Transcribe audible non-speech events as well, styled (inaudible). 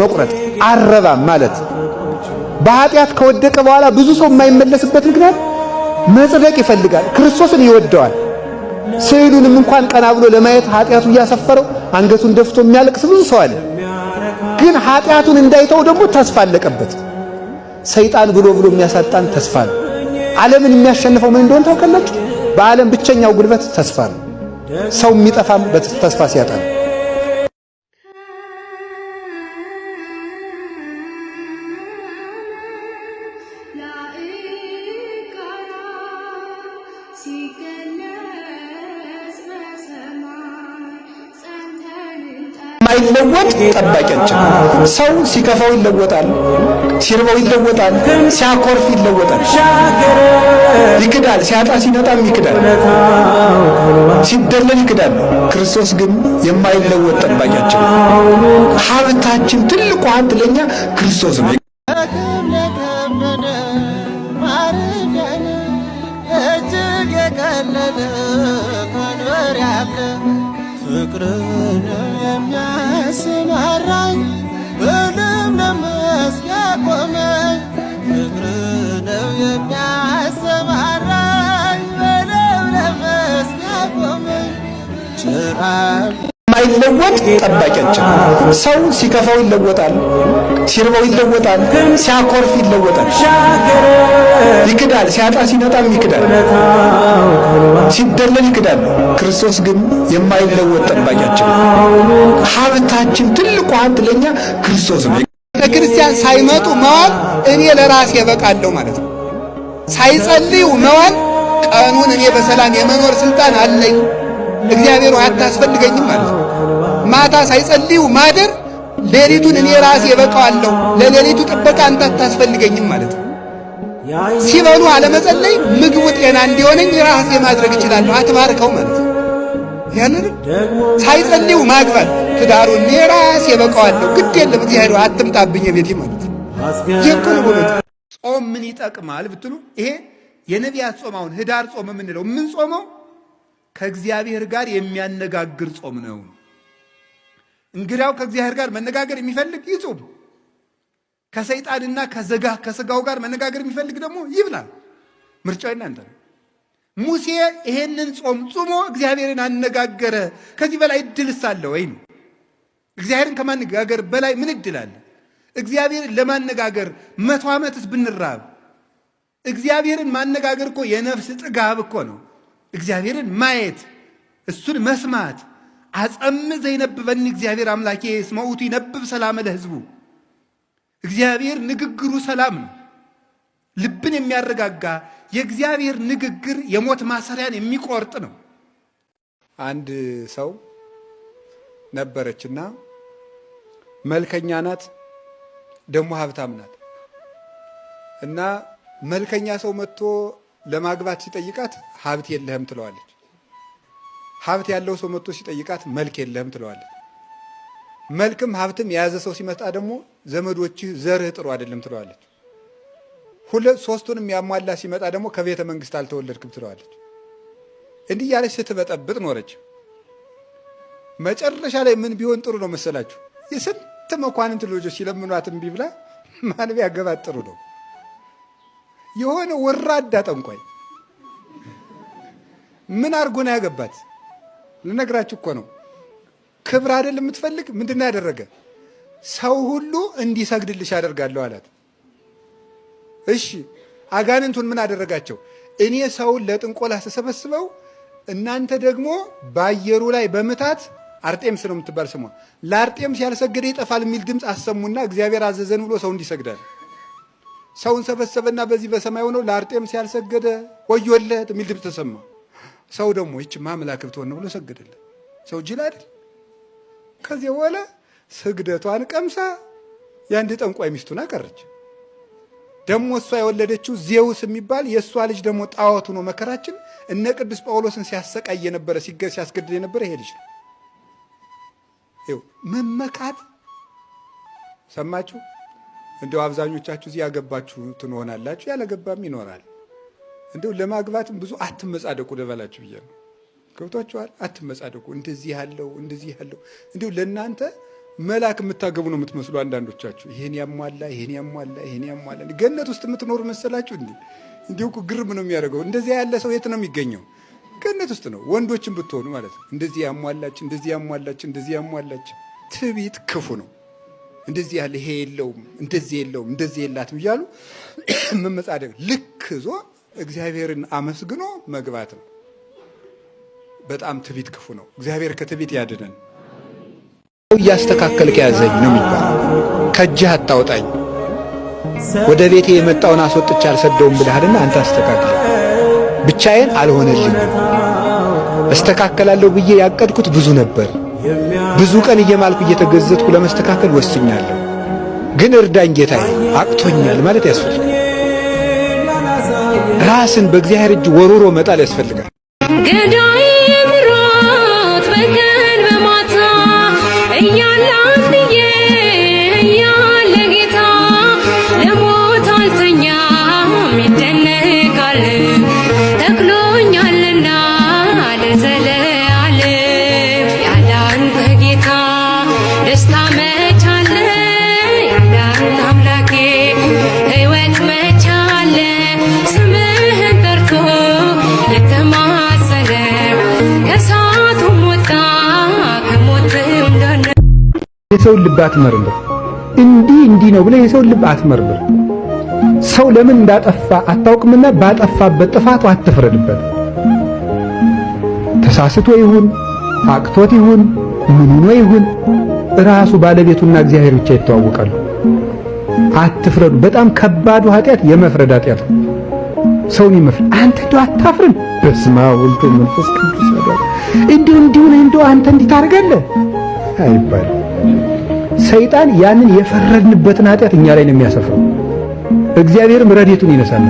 መቁረጥ አረባ ማለት በኃጢአት ከወደቀ በኋላ ብዙ ሰው የማይመለስበት ምክንያት መጽደቅ ይፈልጋል። ክርስቶስን ይወደዋል። ስዕሉንም እንኳን ቀና ብሎ ለማየት ኃጢአቱ እያሰፈረው አንገቱን ደፍቶ የሚያለቅስ ብዙ ሰው አለ። ግን ኃጢአቱን እንዳይተው ደግሞ ተስፋ አለቀበት። ሰይጣን ብሎ ብሎ የሚያሳጣን ተስፋ ነው። ዓለምን የሚያሸንፈው ምን እንደሆነ ታውቃላችሁ? በዓለም ብቸኛው ጉልበት ተስፋ ነው። ሰው የሚጠፋም ተስፋ ሲያጣ ነው። የማይለወጥ ጠባቂያችን። ሰው ሲከፋው ይለወጣል፣ ሲርበው ይለወጣል፣ ሲያኮርፍ ይለወጣል፣ ይክዳል፣ ሲያጣ ሲነጣም ይክዳል፣ ሲደለል ይክዳል። ክርስቶስ ግን የማይለወጥ ጠባቂያችን፣ ሀብታችን፣ ትልቁ ሀብት ለእኛ ክርስቶስ ነው። ፍቅር ነው የሚያሰማራኝ በለምለም ያቆመኝ እንዳይለወጥ ጠባቂያችን። ሰው ሲከፋው ይለወጣል፣ ሲርበው ይለወጣል፣ ሲያኮርፍ ይለወጣል፣ ይክዳል፣ ሲያጣ ሲነጣም ይክዳል፣ ሲደለል ይክዳል። ክርስቶስ ግን የማይለወጥ ጠባቂያችን፣ ሀብታችን፣ ትልቁ ሀብት ለእኛ ክርስቶስ ነው። ለክርስቲያን ሳይመጡ መዋል እኔ ለራሴ በቃለሁ ማለት ነው። ሳይጸልዩ መዋል ቀኑን እኔ በሰላም የመኖር ስልጣን አለኝ፣ እግዚአብሔር አታስፈልገኝም ማለት ነው። ማታ ሳይጸልዩ ማደር ሌሊቱን እኔ ራሴ እበቃዋለሁ፣ ለሌሊቱ ጥበቃ አንተ አታስፈልገኝም ማለት ነው። ሲበሉ አለመጸለይ ምግቡ ጤና እንዲሆነኝ ራሴ ማድረግ እችላለሁ፣ አትባርከው ማለት ነው። ያንን ሳይጸልዩ ማግባት ትዳሩ እኔ ራሴ እበቃዋለሁ፣ ግድ የለም እግዚአብሔር አትምጣብኝ ቤቴ ማለት ነው። ይቅር ጾም ምን ይጠቅማል ብትሉ ይሄ የነቢያት ጾም አሁን ህዳር ጾም የምንለው ጾመው ከእግዚአብሔር ጋር የሚያነጋግር ጾም ነው። እንግዲያው ከእግዚአብሔር ጋር መነጋገር የሚፈልግ ይጹም፣ ከሰይጣንና ከዘጋ ከስጋው ጋር መነጋገር የሚፈልግ ደግሞ ይብላል። ምርጫው እናንተ ነው። ሙሴ ይሄንን ጾም ጾሞ እግዚአብሔርን አነጋገረ። ከዚህ በላይ እድልስ አለ ወይ? እግዚአብሔርን ከማነጋገር በላይ ምን እድል አለ? እግዚአብሔርን ለማነጋገር መቶ ዓመትስ ብንራብ እግዚአብሔርን ማነጋገር እኮ የነፍስ ጥጋብ እኮ ነው። እግዚአብሔርን ማየት እሱን መስማት አጸም ዘይነብበኒ እግዚአብሔር አምላኬ ስመውቱ ይነብብ ሰላም ለህዝቡ። እግዚአብሔር ንግግሩ ሰላም ነው፣ ልብን የሚያረጋጋ የእግዚአብሔር ንግግር የሞት ማሰሪያን የሚቆርጥ ነው። አንድ ሰው ነበረችና መልከኛ ናት፣ ደግሞ ሀብታም ናት እና መልከኛ ሰው መጥቶ ለማግባት ሲጠይቃት ሀብት የለህም ትለዋለች ሀብት ያለው ሰው መጥቶ ሲጠይቃት መልክ የለህም ትለዋለች። መልክም ሀብትም የያዘ ሰው ሲመጣ ደግሞ ዘመዶችህ፣ ዘርህ ጥሩ አይደለም ትለዋለች። ሁለት ሶስቱንም ያሟላ ሲመጣ ደግሞ ከቤተ መንግስት አልተወለድክም ትለዋለች። እንዲህ ያለች ስትበጠብጥ ኖረች። መጨረሻ ላይ ምን ቢሆን ጥሩ ነው መሰላችሁ? የስንት መኳንንት ልጆች ሲለምኗት እምቢ ብላ ማን ቢያገባት ጥሩ ነው? የሆነ ወራዳ ጠንቋይ ምን አድርጎ ነው ያገባት? ልነግራችሁ እኮ ነው። ክብር አይደል የምትፈልግ? ምንድን ነው ያደረገ? ሰው ሁሉ እንዲሰግድልሽ ያደርጋለሁ አላት። እሺ አጋንንቱን ምን አደረጋቸው? እኔ ሰውን ለጥንቆላ ተሰበስበው እናንተ ደግሞ በአየሩ ላይ በምታት አርጤምስ ነው የምትባል ስሟ፣ ለአርጤምስ ያልሰገደ ይጠፋል የሚል ድምፅ አሰሙና እግዚአብሔር አዘዘን ብሎ ሰው እንዲሰግዳል ሰውን ሰበሰበና በዚህ በሰማይ ሆነው ለአርጤምስ ያልሰገደ ወዮለት የሚል ድምፅ ተሰማ። ሰው ደግሞ ይችማ አምላክ ብትሆን ነው ብሎ ሰገደለት። ሰው ጅል አይደል? ከዚህ በኋላ ስግደቷን ቀምሳ የአንድ ጠንቋይ ሚስቱን አቀረች። ደግሞ እሷ የወለደችው ዜውስ የሚባል የእሷ ልጅ ደግሞ ጣዖቱ ነው። መከራችን እነ ቅዱስ ጳውሎስን ሲያሰቃይ የነበረ ሲያስገድል የነበረ ይሄ ልጅ ነው። መመካት ሰማችሁ? እንዲያው አብዛኞቻችሁ እዚህ ያገባችሁ ትንሆናላችሁ፣ ያለገባም ይኖራል። እንደው ለማግባትም ብዙ አትመጻደቁ ልበላችሁ ብዬ ነው። ገብቷችኋል? አትመጻደቁ። እንደዚህ ያለው እንደዚህ ያለው እንዲሁ ለእናንተ መልአክ የምታገቡ ነው የምትመስሉ አንዳንዶቻችሁ። ይሄን ያሟላ ይሄን ያሟላ ይሄን ያሟላ ገነት ውስጥ የምትኖሩ መሰላችሁ? እንዲ እንዲሁ ግርም ነው የሚያደርገው። እንደዚያ ያለ ሰው የት ነው የሚገኘው? ገነት ውስጥ ነው። ወንዶችን ብትሆኑ ማለት ነው። እንደዚህ ያሟላች እንደዚህ ያሟላች እንደዚህ ያሟላች። ትዕቢት ክፉ ነው። እንደዚህ ያለ ይሄ የለውም እንደዚህ የለውም እንደዚህ የላትም እያሉ (coughs) መመጻደቅ ልክ ዞ እግዚአብሔርን አመስግኖ መግባት ነው። በጣም ትቢት ክፉ ነው። እግዚአብሔር ከትቢት ያድነን። እያስተካከልክ ያዘኝ ነው የሚባለው። ከእጅህ አታውጣኝ፣ ወደ ቤቴ የመጣውን አስወጥቼ አልሰደውም ብለሃልና አንተ አስተካክል። ብቻዬን አልሆነልኝ። እስተካከላለሁ ብዬ ያቀድኩት ብዙ ነበር። ብዙ ቀን እየማልኩ እየተገዘትኩ ለመስተካከል ወስኛለሁ። ግን እርዳኝ ጌታዬ፣ አቅቶኛል ማለት ያስፈልጋል። ራስን በእግዚአብሔር እጅ ወሩሮ መጣል ያስፈልጋል። ገዳይ የምሮት በቀን በማታ እያለ አንድዬ የሰውን ልብ አትመርምር። እንዲህ እንዲህ ነው ብለህ የሰውን ልብ አትመርምር። ሰው ለምን እንዳጠፋ አታውቅምና ባጠፋበት ጥፋቱ አትፍረድበት። ተሳስቶ ይሁን አቅቶት ይሁን ምን ሆኖ ይሁን ራሱ ባለቤቱና እግዚአብሔር ብቻ ይተዋወቃሉ። አትፍረዱ። በጣም ከባዱ ኃጢአት የመፍረድ ኃጢአት ነው። ሰውን ይመፍረድ አንተ እንደው አታፍርም? በስመ አብ ወልድ መንፈስ ቅዱስ እንደው እንዲሁ እንደው አንተ እንዲህ ታደርጋለህ አይባልም። ሰይጣን ያንን የፈረድንበትን ኃጢአት እኛ ላይ ነው የሚያሰፍረው። እግዚአብሔርም ረድኤቱን ይነሳል።